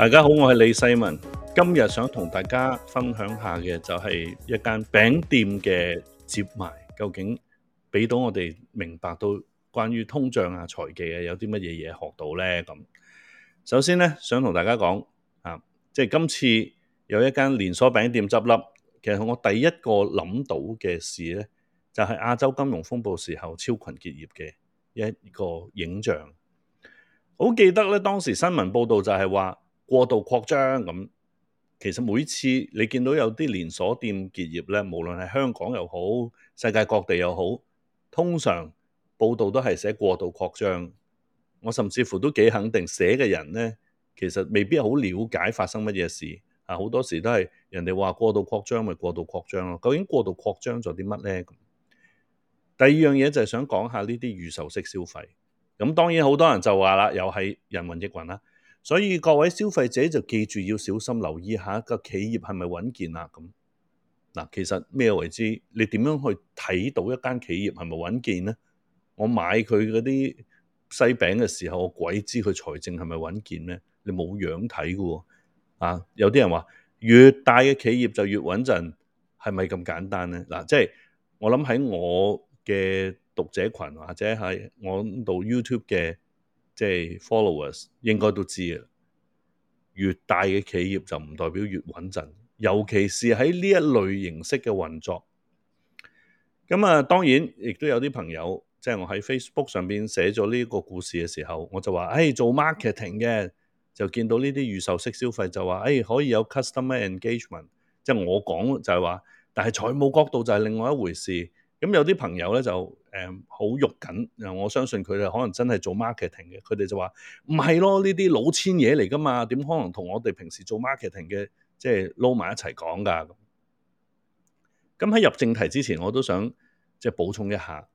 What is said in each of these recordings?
大家好，我係李世民。今日想同大家分享下嘅就係一間餅店嘅接埋，究竟俾到我哋明白到關於通脹啊、財技嘅、啊、有啲乜嘢嘢學到呢？咁首先呢，想同大家講啊，即係今次有一間連鎖餅店執笠，其實我第一個諗到嘅事呢，就係、是、亞洲金融風暴時候超群結業嘅一個影像。好記得呢，當時新聞報道就係話。過度擴張咁，其實每次你見到有啲連鎖店結業咧，無論係香港又好，世界各地又好，通常報道都係寫過度擴張。我甚至乎都幾肯定寫嘅人咧，其實未必係好了解發生乜嘢事啊！好多時都係人哋話過度擴張咪過度擴張咯。究竟過度擴張咗啲乜咧？第二樣嘢就係想講下呢啲預售式消費。咁當然好多人就話啦，又係人云亦云啦。所以各位消費者就記住要小心留意下個企業係咪穩健啊，咁。嗱，其實咩為之？你點樣去睇到一間企業係咪穩健咧？我買佢嗰啲西餅嘅時候，我鬼知佢財政係咪穩健咧？你冇樣睇噶。啊，有啲人話越大嘅企業就越穩陣，係咪咁簡單咧？嗱、啊，即係我諗喺我嘅讀者群或者係我度 YouTube 嘅。即係 followers 應該都知嘅，越大嘅企業就唔代表越穩陣，尤其是喺呢一類形式嘅運作。咁啊，當然亦都有啲朋友，即係我喺 Facebook 上邊寫咗呢個故事嘅時候，我就話，誒、hey, 做 marketing 嘅就見到呢啲預售式消費，就話誒，可以有 customer engagement。即係我講就係話，但係財務角度就係另外一回事。咁有啲朋友咧就。誒好肉緊，嗱我相信佢哋可能真係做 marketing 嘅，佢哋就話唔係咯，呢啲老千嘢嚟噶嘛，點可能同我哋平時做 marketing 嘅即係撈埋一齊講噶？咁喺入正題之前，我都想即係補充一下，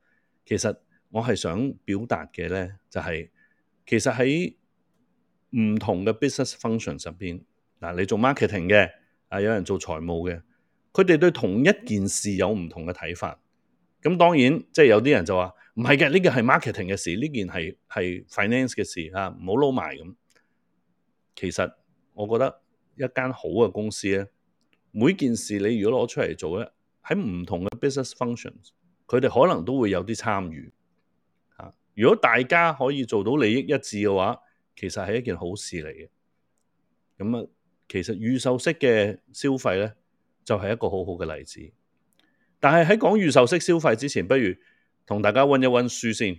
其實我係想表達嘅咧，就係、是、其實喺唔同嘅 business function 上邊，嗱你做 marketing 嘅，啊有人做財務嘅，佢哋對同一件事有唔同嘅睇法。咁當然，即係有啲人就話唔係嘅，呢個係 marketing 嘅事，呢件係係 finance 嘅事嚇，唔好撈埋咁。其實我覺得一間好嘅公司咧，每件事你如果攞出嚟做咧，喺唔同嘅 business functions，佢哋可能都會有啲參與嚇。如果大家可以做到利益一致嘅話，其實係一件好事嚟嘅。咁啊，其實預售式嘅消費咧，就係一個好好嘅例子。但係喺講預售式消費之前，不如同大家溫一溫書先。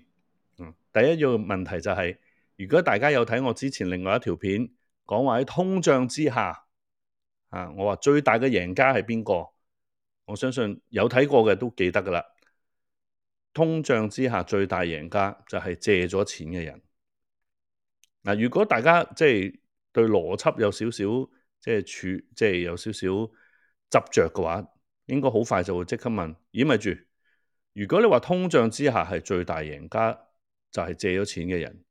嗯，第一個問題就係、是，如果大家有睇我之前另外一條片，講話喺通脹之下，啊，我話最大嘅贏家係邊個？我相信有睇過嘅都記得㗎喇。通脹之下最大贏家就係借咗錢嘅人。嗱、啊，如果大家即係對邏輯有少少即係處即係有少少執着嘅話，應該好快就會即刻問，咪住。如果你話通脹之下係最大贏家，就係、是、借咗錢嘅人。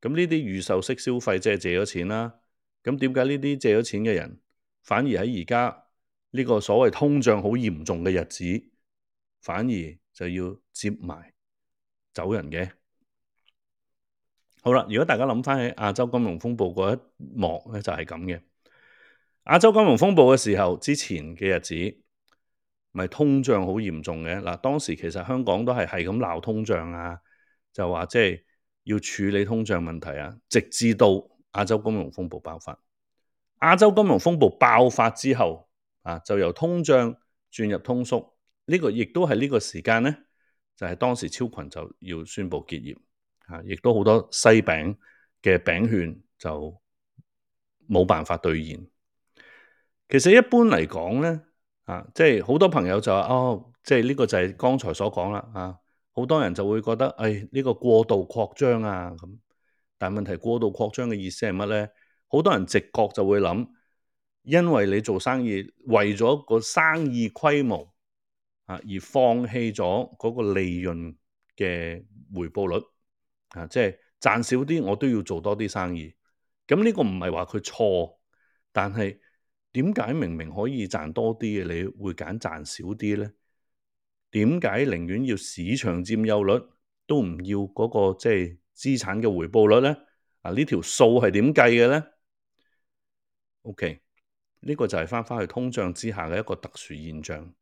咁呢啲預售式消費即係借咗錢啦。咁點解呢啲借咗錢嘅人反而喺而家呢個所謂通脹好嚴重嘅日子，反而就要接埋走人嘅？好啦，如果大家諗翻起亞洲金融風暴嗰一幕咧，就係咁嘅。亞洲金融風暴嘅時候之前嘅日子。咪通脹好嚴重嘅嗱。當時其實香港都係係咁鬧通脹啊，就話即係要處理通脹問題啊，直至到亞洲金融風暴爆發。亞洲金融風暴爆發之後，啊就由通脹轉入通縮，呢個亦都係呢個時間咧，就係當時超群就要宣布結業，啊亦都好多西餅嘅餅券就冇辦法兌現。其實一般嚟講咧。啊，即係好多朋友就話，哦，即係呢個就係剛才所講啦。啊，好多人就會覺得，誒、哎，呢、呢個過度擴張啊咁。但問題過度擴張嘅意思係乜咧？好多人直覺就會諗，因為你做生意為咗個生意規模啊而放棄咗嗰個利潤嘅回報率啊，即係賺少啲我都要做多啲生意。咁呢個唔係話佢錯，但係。點解明明可以賺多啲嘅，你會揀賺少啲咧？點解寧願要市場佔有率都唔要嗰個即係資產嘅回報率咧？啊，呢條數係點計嘅咧？OK，呢個就係翻翻去通脹之下嘅一個特殊現象。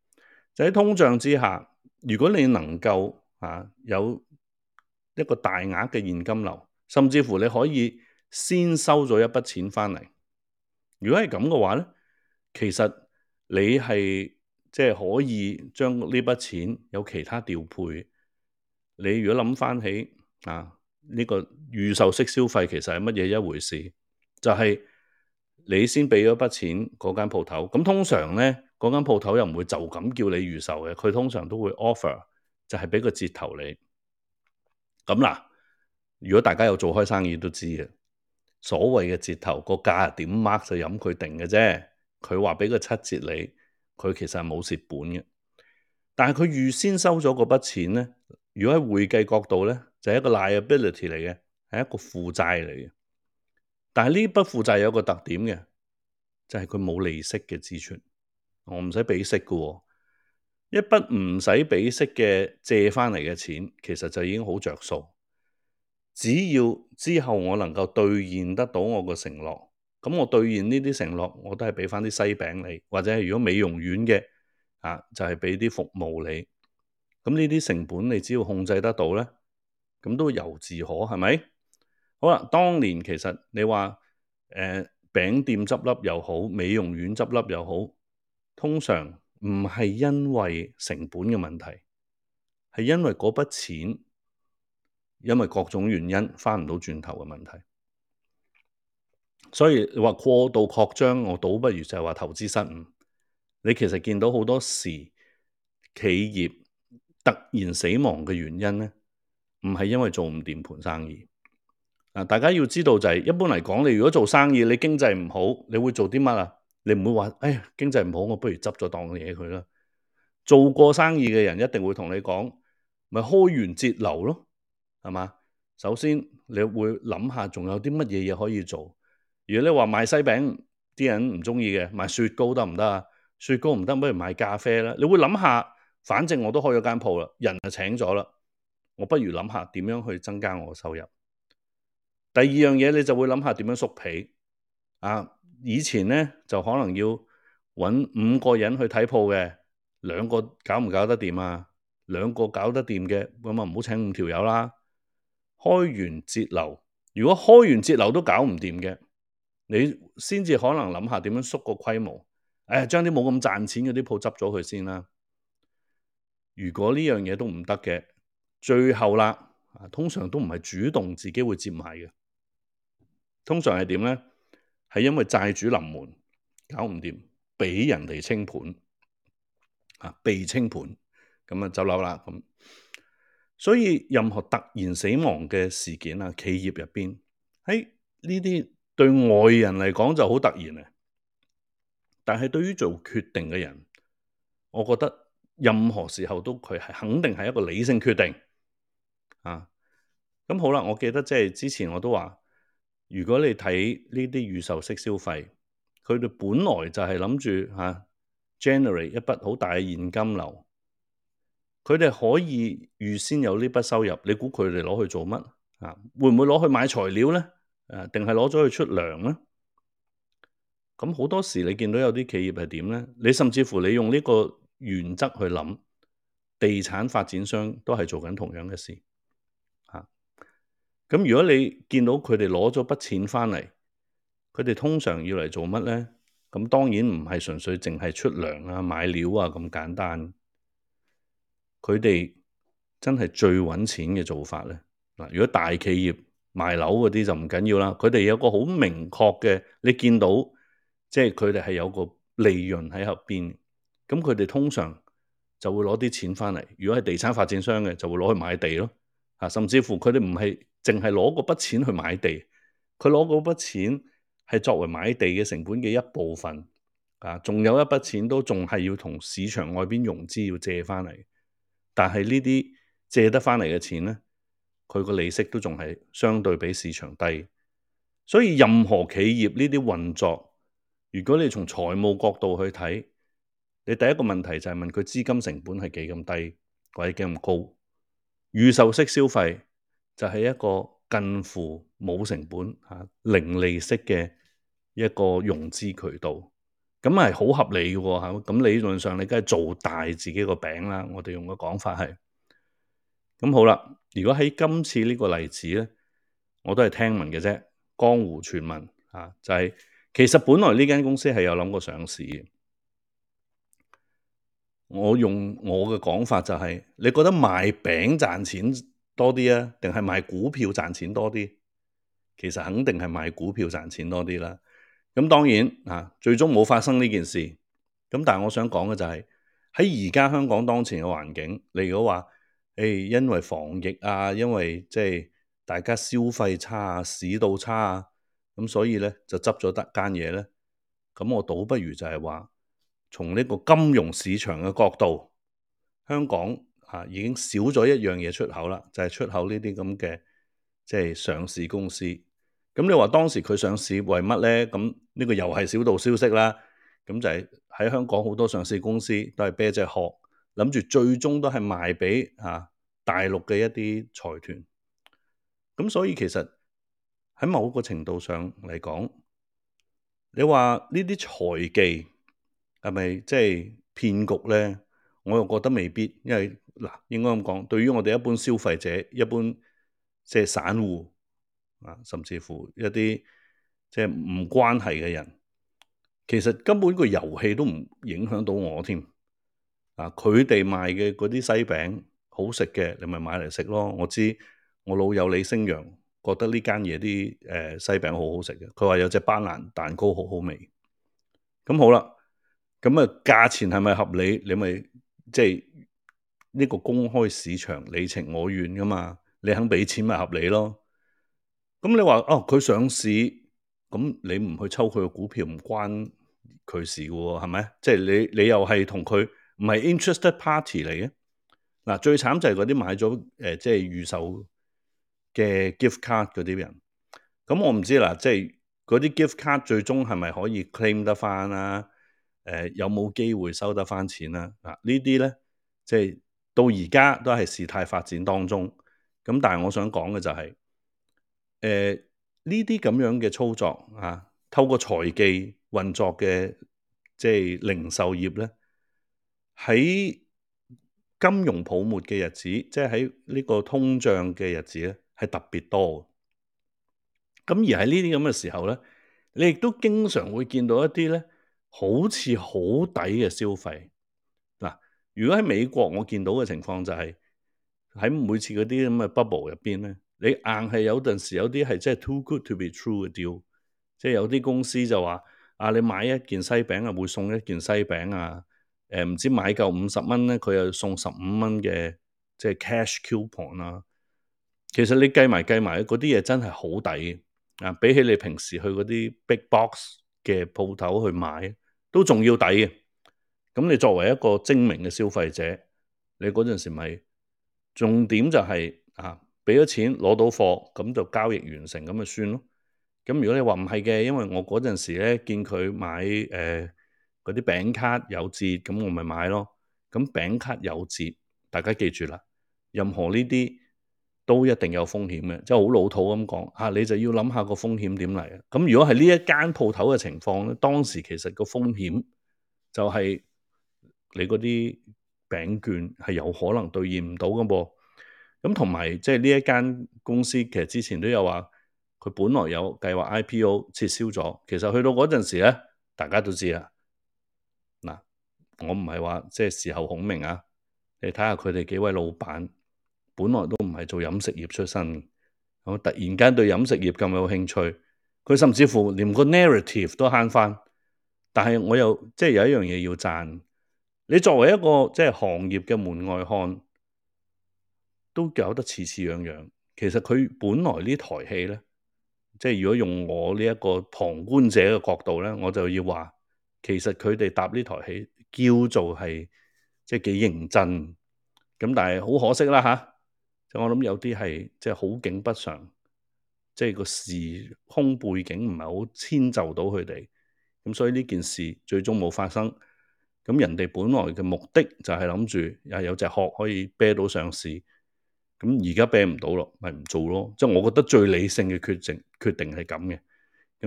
就喺通脹之下，如果你能夠啊有一個大額嘅現金流，甚至乎你可以先收咗一筆錢翻嚟。如果係咁嘅話咧？其實你係即係可以將呢筆錢有其他調配。你如果諗翻起啊，呢個預售式消費其實係乜嘢一回事？就係你先畀咗筆錢嗰間鋪頭。咁通常呢，嗰間鋪頭又唔會就咁叫你預售嘅，佢通常都會 offer 就係畀個折頭你。咁嗱，如果大家有做開生意都知嘅，所謂嘅折頭個價係點 mark 就任佢定嘅啫。佢話畀個七折你，佢其實係冇蝕本嘅。但係佢預先收咗嗰筆錢咧，如果喺會計角度咧，就係、是、一個 liability 嚟嘅，係一個負債嚟嘅。但係呢筆負債有個特點嘅，就係佢冇利息嘅支出，我唔使俾息嘅喎、哦。一筆唔使俾息嘅借翻嚟嘅錢，其實就已經好着數。只要之後我能夠兌現得到我個承諾。咁我兌現呢啲承諾，我都係畀翻啲西餅你，或者如果美容院嘅啊，就係畀啲服務你。咁呢啲成本你只要控制得到咧，咁都由自可，係咪？好啦，當年其實你話誒、呃、餅店執笠又好，美容院執笠又好，通常唔係因為成本嘅問題，係因為嗰筆錢因為各種原因翻唔到轉頭嘅問題。所以你話過度擴張，我倒不如就係話投資失誤。你其實見到好多時企業突然死亡嘅原因呢，唔係因為做唔掂盤生意。嗱、啊，大家要知道就係、是、一般嚟講，你如果做生意，你經濟唔好，你會做啲乜啊？你唔會話，哎呀，經濟唔好，我不如執咗檔嘢佢啦。做過生意嘅人一定會同你講，咪、就是、開源節流咯，係嘛？首先你會諗下，仲有啲乜嘢嘢可以做。如果你話賣西餅，啲人唔鍾意嘅，賣雪糕得唔得啊？雪糕唔得，不如買咖啡啦。你會諗下，反正我都開咗間鋪啦，人就請咗啦，我不如諗下點樣去增加我嘅收入。第二樣嘢，你就會諗下點樣縮皮。啊，以前咧就可能要搵五個人去睇鋪嘅，兩個搞唔搞得掂啊？兩個搞得掂嘅咁啊，唔好請五條友啦。開源節流，如果開源節流都搞唔掂嘅。你先至可能諗下點樣縮個規模，誒、哎，將啲冇咁賺錢嗰啲鋪執咗佢先啦。如果呢樣嘢都唔得嘅，最後啦、啊，通常都唔係主動自己會接賣嘅。通常係點咧？係因為債主臨門搞唔掂，畀人哋清盤啊，被清盤咁啊走樓啦咁。所以任何突然死亡嘅事件啊，企業入邊喺呢啲。哎對外人嚟講就好突然，但係對於做決定嘅人，我覺得任何時候都肯定係一個理性決定啊！咁好啦，我記得即係之前我都話，如果你睇呢啲預售式消費，佢哋本來就係諗住吓、啊、generate 一筆好大嘅現金流，佢哋可以預先有呢筆收入，你估佢哋攞去做乜啊？會唔會攞去買材料呢？定係攞咗去出糧呢？咁好多時你見到有啲企業係點呢？你甚至乎你用呢個原則去諗，地產發展商都係做緊同樣嘅事。咁、啊、如果你見到佢哋攞咗筆錢返嚟，佢哋通常要嚟做乜呢？咁當然唔係純粹淨係出糧啊、買料啊咁簡單。佢哋真係最揾錢嘅做法呢。嗱、啊，如果大企業。賣樓嗰啲就唔緊要啦，佢哋有個好明確嘅，你見到即係佢哋係有個利潤喺後邊，咁佢哋通常就會攞啲錢翻嚟。如果係地產發展商嘅，就會攞去買地咯，啊，甚至乎佢哋唔係淨係攞嗰筆錢去買地，佢攞嗰筆錢係作為買地嘅成本嘅一部分，啊，仲有一筆錢都仲係要同市場外邊融資要借翻嚟，但係呢啲借得翻嚟嘅錢咧。佢個利息都仲係相對比市場低，所以任何企業呢啲運作，如果你從財務角度去睇，你第一個問題就係問佢資金成本係幾咁低，或者幾咁高？預售式消費就係一個近乎冇成本吓、零利息嘅一個融資渠道，咁係好合理喎吓。咁理論上你梗係做大自己個餅啦。我哋用個講法係。咁好啦，如果喺今次呢個例子咧，我都係聽聞嘅啫，江湖傳聞啊，就係，其實本來呢間公司係有諗過上市嘅。我用我嘅講法就係，你覺得賣餅賺錢多啲啊，定係賣股票賺錢多啲？其實肯定係賣股票賺錢多啲啦。咁當然啊，最終冇發生呢件事。咁但係我想講嘅就係喺而家香港當前嘅環境，你如果話，誒、哎，因為防疫啊，因為即係大家消費差啊，市道差啊，咁所以咧就執咗得間嘢咧。咁我倒不如就係話，從呢個金融市場嘅角度，香港啊已經少咗一樣嘢出口啦，就係、是、出口呢啲咁嘅即係上市公司。咁你話當時佢上市為乜咧？咁呢個又係小道消息啦。咁就係喺香港好多上市公司都係啤隻殼。諗住最終都係賣畀啊大陸嘅一啲財團，咁所以其實喺某個程度上嚟講，你話呢啲財技係咪即係騙局咧？我又覺得未必，因為嗱，應該咁講，對於我哋一般消費者，一般即係散戶啊，甚至乎一啲即係唔關係嘅人，其實根本個遊戲都唔影響到我添。佢哋、啊、賣嘅嗰啲西餅好食嘅，你咪買嚟食咯。我知我老友李星陽覺得呢間嘢啲誒西餅好好食嘅，佢話有隻班蘭蛋糕好、嗯、好味。咁好啦，咁啊價錢係咪合理？你咪即係呢、個公開市場，你情我願噶嘛。你肯俾錢咪合理咯。咁、嗯、你話哦，佢上市，咁、嗯、你唔去抽佢嘅股票唔關佢事噶喎，係咪？即係你你又係同佢。唔係 interested party 嚟嘅嗱，最慘就係嗰啲買咗誒即係預售嘅 gift card 嗰啲人。咁、嗯、我唔知啦，即、就、係、是、嗰啲 gift card 最終係咪可以 claim 得翻啊？誒、呃、有冇機會收得翻錢啦、啊？嗱、啊，呢啲咧即係到而家都係事態發展當中。咁但係我想講嘅就係誒呢啲咁樣嘅操作啊，透過財技運作嘅即係零售業咧。喺金融泡沫嘅日子，即係喺呢個通脹嘅日子咧，係特別多。咁而喺呢啲咁嘅時候咧，你亦都經常會見到一啲咧，好似好抵嘅消費。嗱，如果喺美國，我見到嘅情況就係喺每次嗰啲咁嘅 bubble 入邊咧，你硬係有陣時有啲係即係 too good to be true 嘅 deal，即係有啲公司就話：，啊，你買一件西餅啊，會送一件西餅啊。誒唔、呃、知買夠五十蚊咧，佢又送十五蚊嘅即係 cash coupon 啦、啊。其實你計埋計埋嗰啲嘢真係好抵啊！比起你平時去嗰啲 big box 嘅鋪頭去買，都仲要抵嘅。咁你作為一個精明嘅消費者，你嗰陣時咪重點就係、是、啊，俾咗錢攞到貨，咁就交易完成咁咪算咯。咁如果你話唔係嘅，因為我嗰陣時咧見佢買誒。呃嗰啲餅卡有折，咁我咪買咯。咁餅卡有折，大家記住啦，任何呢啲都一定有風險嘅，即係好老土咁講，啊，你就要諗下個風險點嚟。咁如果係呢一間鋪頭嘅情況咧，當時其實個風險就係你嗰啲餅券係有可能兌現唔到嘅噃。咁同埋即係呢一間公司，其實之前都有話佢本來有計劃 IPO，撤銷咗。其實去到嗰陣時咧，大家都知啦。我唔係話即係事後孔明啊！你睇下佢哋幾位老闆，本來都唔係做飲食業出身，我突然間對飲食業咁有興趣，佢甚至乎連個 narrative 都慳翻。但係我又即係有一樣嘢要讚，你作為一個即係行業嘅門外漢，都搞得似似樣樣。其實佢本來呢台戲咧，即係如果用我呢一個旁觀者嘅角度咧，我就要話，其實佢哋搭呢台戲。叫做係即係幾認真，咁但係好可惜啦吓，即係我諗有啲係即係好景不常，即係個時空背景唔係好遷就到佢哋，咁所以呢件事最終冇發生。咁人哋本來嘅目的就係諗住有隻殼可以啤到上市，咁而家啤唔到咯，咪唔做咯，即係我覺得最理性嘅決定決定係咁嘅。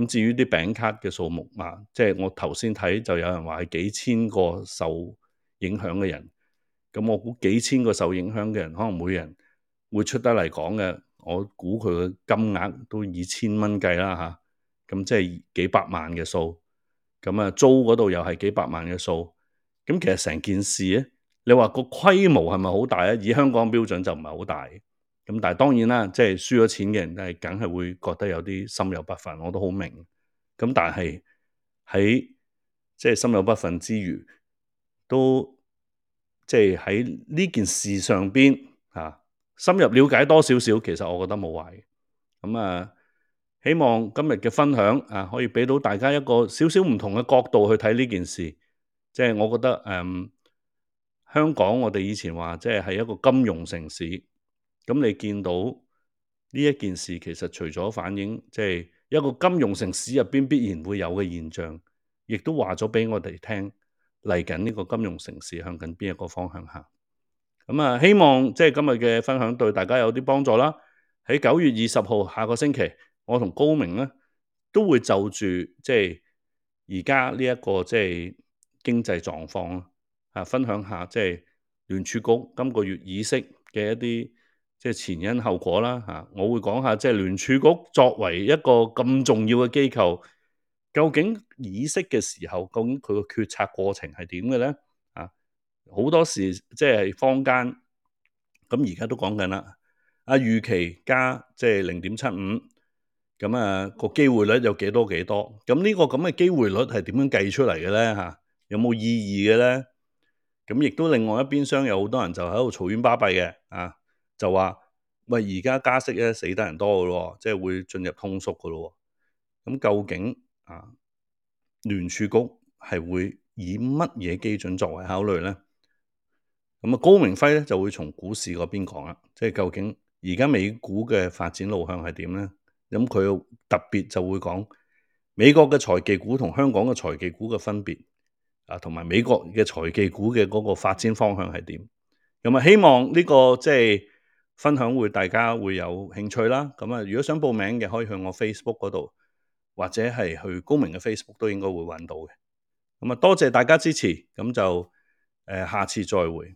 至於啲餅卡嘅數目嘛、啊，即係我頭先睇就有人話係幾千個受影響嘅人，咁我估幾千個受影響嘅人，可能每人會出得嚟講嘅，我估佢嘅金額都以千蚊計啦嚇，咁、啊、即係幾百萬嘅數，咁啊租嗰度又係幾百萬嘅數，咁、啊、其實成件事咧，你話個規模係咪好大咧？以香港標準就唔係好大。咁但係當然啦，即係輸咗錢嘅人梗係會覺得有啲心有不忿，我都好明。咁但係喺即係心有不忿之餘，都即係喺呢件事上邊啊，深入了解多少少，其實我覺得冇壞。咁、嗯、啊，希望今日嘅分享啊，可以俾到大家一個少少唔同嘅角度去睇呢件事。即係我覺得誒、嗯，香港我哋以前話即係係一個金融城市。咁你見到呢一件事，其實除咗反映即係、就是、一個金融城市入邊必然會有嘅現象，亦都話咗俾我哋聽嚟緊呢個金融城市向緊邊一個方向行。咁啊，希望即係、就是、今日嘅分享對大家有啲幫助啦。喺九月二十號下個星期，我同高明都會就住即係而家呢一個即係、就是、經濟狀況分享下即係聯儲局今個月議息嘅一啲。即係前因後果啦嚇，我會講下即係聯儲局作為一個咁重要嘅機構，究竟議息嘅時候，究竟佢個決策過程係點嘅咧？啊，好多時即係坊間咁而家都講緊啦，啊預期加即係零點七五，咁啊個機會率有幾多幾多？咁呢個咁嘅機會率係點樣計出嚟嘅咧？嚇，有冇意義嘅咧？咁亦都另外一邊廂有好多人就喺度嘈冤巴閉嘅啊！就話喂，而家加息咧，死得人多嘅咯，即係會進入通縮嘅咯。咁究竟啊，聯儲局係會以乜嘢基準作為考慮咧？咁啊，高明輝咧就會從股市嗰邊講啦。即係究竟而家美股嘅發展路向係點咧？咁佢特別就會講美國嘅財技股同香港嘅財技股嘅分別啊，同埋美國嘅財技股嘅嗰個發展方向係點？咁啊，希望呢個即係，就是分享會大家會有興趣啦，咁啊，如果想報名嘅可以向我 Facebook 嗰度，或者係去高明嘅 Facebook 都應該會揾到嘅。咁啊，多謝大家支持，咁就誒、呃、下次再會。